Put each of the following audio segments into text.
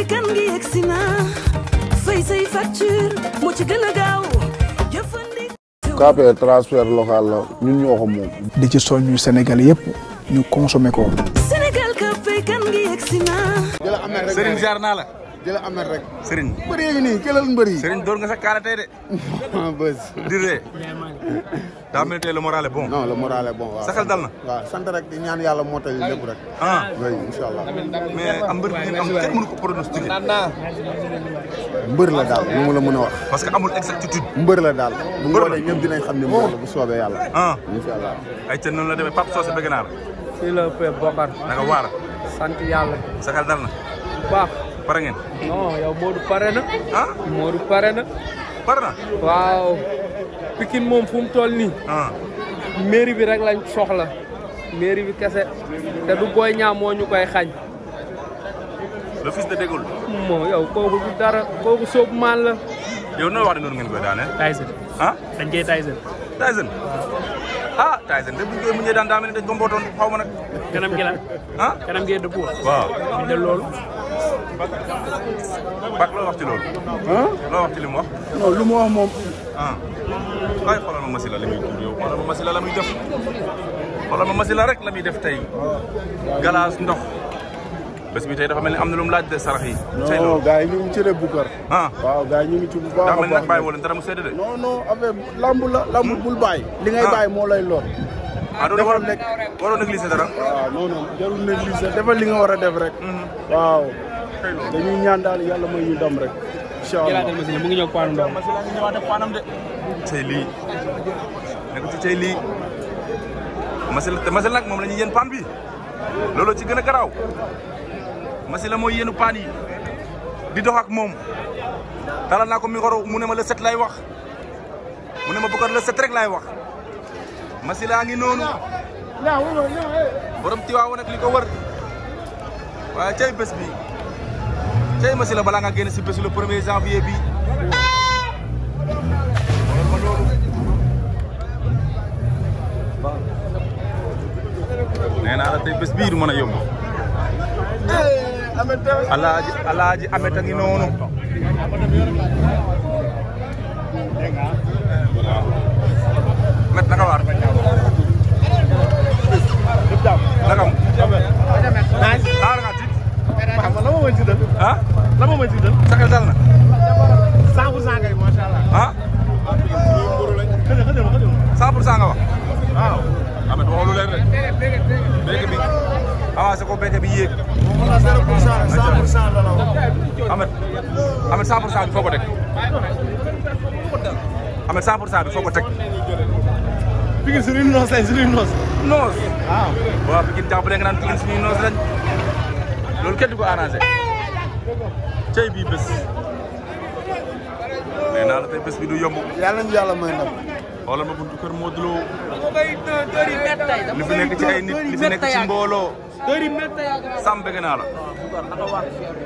mooy kan local la ñu ñoo ko moom di ci soññu Sénégal yëpp ñu consomé ko Sénégal KPR kan gi yegsi na naa di la amal rek. Serigne mbëri yi nii këlal mbëri yi. Serigne door nga sa kaala tey de. ah bës. di ree. daa mel tey le moral est bon. non le moral est dal na. waaw sant rek di ñaan yàlla moo tali lépp rek. ah oui incha allah. mais am mbër ngeen am kenn ko pronostiqué. mbër la daal nu mu la mun a wax. parce que amul exactitude. mbër la daal. bu ñu wootee ñëpp dinañ xam ne mbër la bu soobee yàlla. ah incha ay ca noonu la demee Pape Socé bëgg naa la. fii la Père Bokar. na pare ngeen. non pare na. ah pare na. pare na waaw. Pikine moom fu mu toll nii. Ah. bi rek lañ soxla. mairie bi kese te du booy ñaam moo ñu koy xañ. le fils de Dégol. moo yow kooku du dara kooku soobu maan la. yow noo wax ne noonu ngeen koy daane. Tyson ah dañ koy Tyson. Tyson ah Tyson bu ñu koy daan daa ni dañ ko mbootoon ma nag. kanam gi la ah gi dëppoo. waaw ñu loolu. Bak loo wax ci loolu. loo wax ci li moom. ah waaye ma Massila la muy def yow xoolal ma Massila la ma rek la muy def tey. galaas ndox. bés bi tey dafa mel ni am na lu laa laaj de sarax yi. tey loolu non gars yi ñu ngi cëree Boucar. ah waaw ci bu baax a baax. daa dara mu sedd de. non non affaire lamb bul bàyyi. Ah. li ngay bàyyi moo lay lor. ah doo waroon waroon négliger dara. waaw non non jarul négliger defal li war a def rek. Mm-hmm. waaw. dañuy ñaan daal yàlla may ñu dam rek. incha mu ngi ñëw Paanu Ndao. lii lii Masila te Masila nag moom la ñuy yéen paan bi loolu ci gën a garaaw Masila mooy yéenu paan yi di dox ak moom talal naa ko micro mu ne ma le set lay wax mu ne ma bëggoon le rek lay wax Masila ngi noonu borom Tiwaawan ak li ko wër waaye cay bés bi. tey ma si la balaa génn si bés le premier janvier bi nee naa la bés bii du mën a yomb. Eh, alaaji alaaji amet noonu. avancé ko béykat bi yéeg. voilà 0 pour cent bi foo ko teg. Ameth 100 bi foo ko teg. Pikine suñuy noos lañ suñuy noos. noos waaw. Ah. waaw Pikine jàpp nga naan Pikine suñuy noos lañ loolu du ko arrangé. cey bii bés. nee naa la tey bés bi du yomb. yàlla nañu yàlla may ndam. xoolal ma buntu kër Modou Lo. mbooloo. Sam bëgg naa la.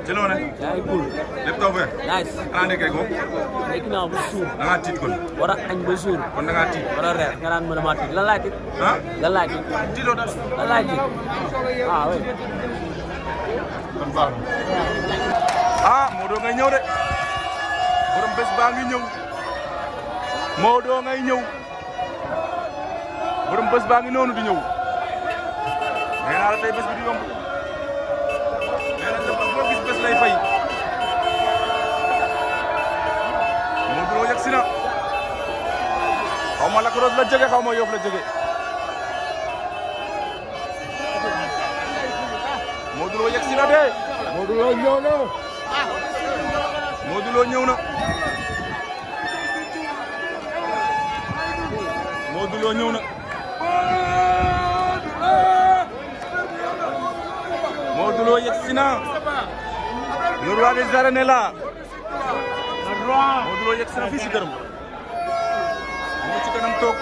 ci loo ne. lépp too fee. xanaa nekkee ko. nekk naa ba suur. da ngaa tiit kon. war añ ba suur. kon da ngaa tiit. war reer nga naan ma damaa tiit lan laa tiit. ah lan laa tiit. tiitoo dal lan laa ah, na. ah Modou ngay ñëw de. borom bés baa ngi ñëw. Modou ngay ñëw. borom bés baa ngi noonu di ñëw. nee naa la tey bés bi du yomb nee na bés boo gis bés lay fay Modou Lo yegg si na xaw ma Lac Rose la jege xaw ma Yoff la jege Modou Lo yegg si na de. Modou Lo ñëw na. Modou Lo ñëw na. Modou Lo ñëw na. Modou Lo yegg si na le roi des arènes est là Modou Lo yegg si na fii si këram mu ci kanam toog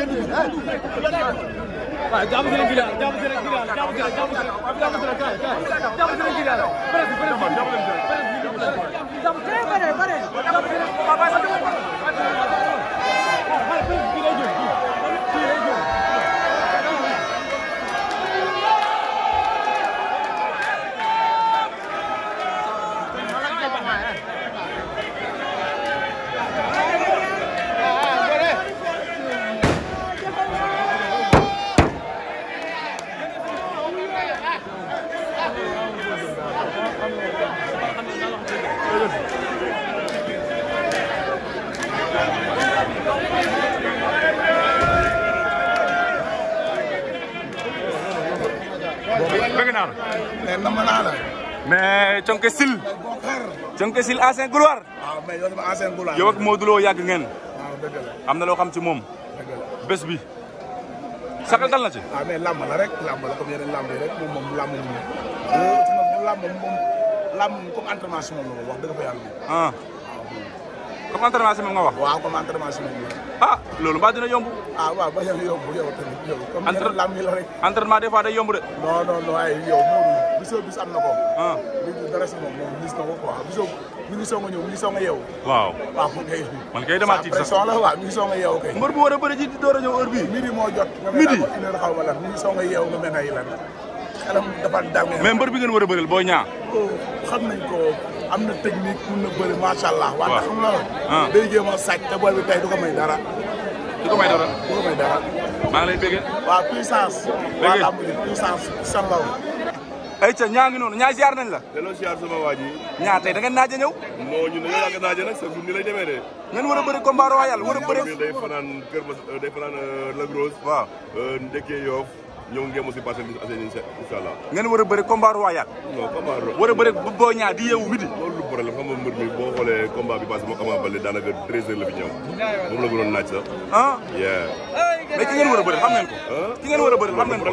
waaw jàmm si leen Bilal jàmm si leen Bilal jàmm si leen jàmm si leen jàmm si leen kaay kaay jàmm si leen Bilal. bëri si bëri si jàmm si leen. bëri si bëri si jàmm si leen. nam naa la. mais Thionck Essyl. Thionck Essyl ancien gloire. waaw ah, mais yow dama ancien gloire. yow ak Modou Lo yàgg ngeen. waaw ah, dëgg la am na loo xam ci moom. bés bi. saxal dal na ci. ah mais làmb la rek làmb la comme yeneen làmb yi rek moom moom làmb moom. làmb moom làmb moom comme entraînement si moom la wax dëgg fa yàlla. Ah. ah comme entraînement si moom nga wax. waaw comme entraînement si moom la. ah loolu mbaa dina yomb. ah waaw ba yow yomb yow tamit yow. comme yeneen làmb yi la rek. entraînement des fois day yomb de. non non non ay yow. Bichou bis am na ko. ah gis na ko quoi Bichou mi ngi soog a ñëw mi ngi soog a yeewu. waaw waaw kay. man kay demaat ci sax pression la waaw mi ngi soog a yeewu kay. mbër bu war a bëri ji door a ñëw heure bii. midi moo jot. midi nga mel ne xaw ma lan mi ngi soog a yeewu nga mel ne lan. xelam dafa dàngee. mais bi ngeen war a bëril boo oh, ñaa. xam nañ ko am na technique mun na bëri macha allah. waaw waaw xam naa. Ah. day jéem a sàcc te booy bi tey du ko may dara. du ko may dara du ko may dara. maa ngi lay bëgg. waaw puissance. ay ca ñaa ngi noonu ñaa ziar nañ la delloo ziar sama waa ji ñaa tey da ngeen naaja ñëw non ñun dañoo yàgg naaja nag sa jour ni lay demee de ngeen war a bëri combat royal war a bëri day fanaan kër ma euh, day fanaan euh, Lac Rose waaw euh, ndekkee a bëri combat royal war a bëri bu boo ñaa di yeewu midi loolu du problème xam nga mi boo xoolee combat bi passé moo Ama Baldé daanaka 13 heures la fi ñëw moom la gënoon naaj sax ah mais ki ngeen war a bëri xam ngeen ngeen war a bëri la. Ah. kooku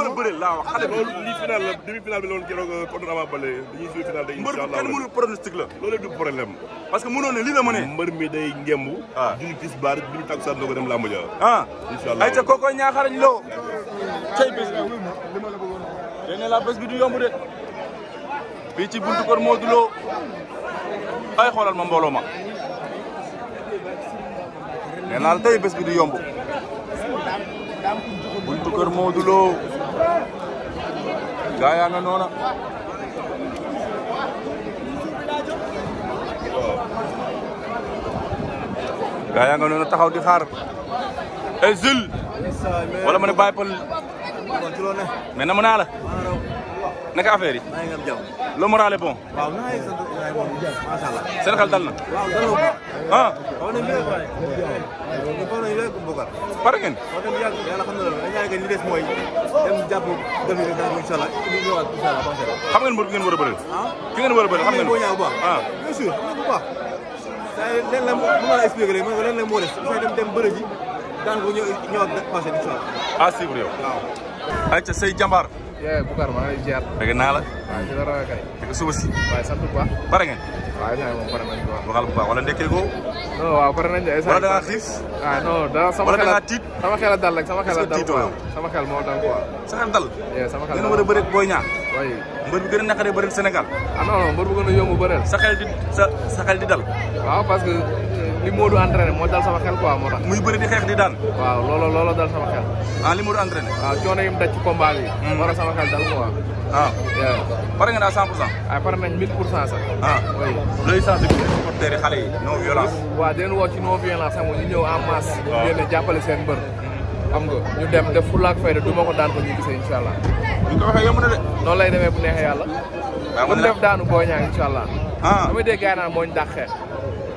ah. a bëri laa wax xale bi. loolu lii final la demi final bi la woon keroog euh, contre Ama Baldé dañuy jouer final day. incha allah mbër kenn mënu pronostic la. loolu du problème. parce que mënoon ne lii la mënee. mbër mi day ngemb. waaw ah. duñu gis baar duñu takkusaan doo dem làmb ja. ah incha allah ayca kooku ñaaxarañ loo. cay bi. leneen la bés bi du yomb de. fii ci buntu kër Lo ay xoolal ma mbooloo ma nee naa la tey bés bi du yomb buntu kër Modou Lo gaa yaa nga noona gaa yaa nga noona taxaw di xaar wala ma ne bàyyi pël na mu naa naka affaire yi. maa ngi am jàmm. le moral est bon. waaw maa ngi sant macha allah. seen xel dal na. waaw dal na ko. ah. xaw nañu léegi pare. ñu xaw nañu léegi mbokkal. pare ngeen. wax dëgg yàlla yàlla xam na loolu dañu yaakaar li des mooy dem jàpp dem yi daal incha allah li ñu ñëwaat incha allah xam ngeen mbër bi ngeen war a bëreel. Ah? ki ngeen war a bëreel xam ngeen. boo ñaaw bu baax. ah bien sûr xam nga bu baax. leen la mu ma la expliqué léegi leen la moo des dafay dem dem bëre ji daan ko ñëw ñëwaat passé incha allah. à suivre yow. waaw. ayca say jàmbaar yee Boucar maa ngi lay ziar. dëgg naa la. waaw ci dara kay. dëgg suba si. waaye sant bu baax. pare moom pare nañ ko waaw. waxal bu baax wala ndekkee ko. non nañ de. wala da ngaa xiif. ah non da sama xel wala da ngaa tiit. sama xel dal rek sama xel dal quoi sama moo dal quoi. sa xel dal. sama xel dal gën a a bëri booy ñaar. oui mbër bi gën a naqaree bëri Sénégal. ah non non mbër bu a yomb bëreel. sa xel di sa sa dal. waaw parce li Modou entraîné moo dal sama xel quoi moo tax. muy bëri di xeex di daan. waaw looloo looloo dal sama xel. ah li Modou entraîné. waaw ah, coono yi mu daj ci combat bi. moo hmm. tax sama xel dal quoi. ah. pare nga naa 100 pour cent. ah pare nañ 1000 pour cent sax. ah oui. looy sensibiliser supporters yi xale yi non violence. waaw di woo ci non violence xam nga ñu a en masse. waaw ngeen di jàppale seen mbër. xam nga ñu dem def fulaak fayda du ma ko daan ko ñu gisee incha allah. bu ko waxee yomb na de. noonu lay demee bu neexee yàlla. waaw ah, bu def daanu boo ah. ñaan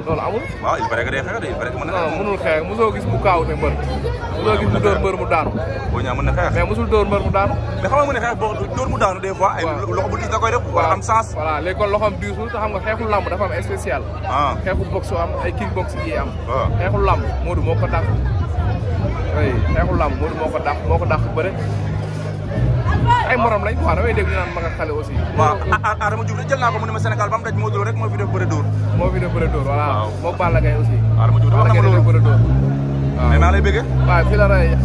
loolu amul. waaw il paraît que day xeex de il paraît que mën na. non mënul xeex mosoo gis mu kaaw ne mbër. mosoo gis mu dóor mbër mu daanu. boo ñaa mën na xeex mais mosul dóor mbër mu daanu. mais xam nga mu ne xeex mu daanu des fois. ay loxo bu diis am sens. voilà léegi kon loxoom diisul te xam nga xeexu lamb dafa am spécial. Ah. xeexu box am ay kick box yi am. waaw ah. xeexu lamb Modou moo ko dàq. oui xeexu lamb Modou moo ko dàq moo ko dàq bëre ay moroom lañ quoi damay dégg ñu ah, ah, ah, jël naa ko mu ne ma Sénégal ba daj moo dóor rek moo fi def bëre dóor. moo fi def bëre dóor voilà. waaw moom Balla aussi. Adama Diouf dama nama loolu waaw naa lay bëggee. waaw la rëy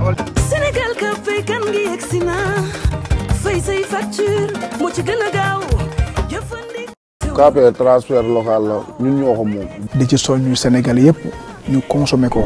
amal. Sénégal ka kan ngi yegg si na fay say facture moo ci gën a gaaw jëfandikoo. KAPR transfert local la ñun ñoo ko moom. di ci soññu Sénégal yëpp ñu consommé ko.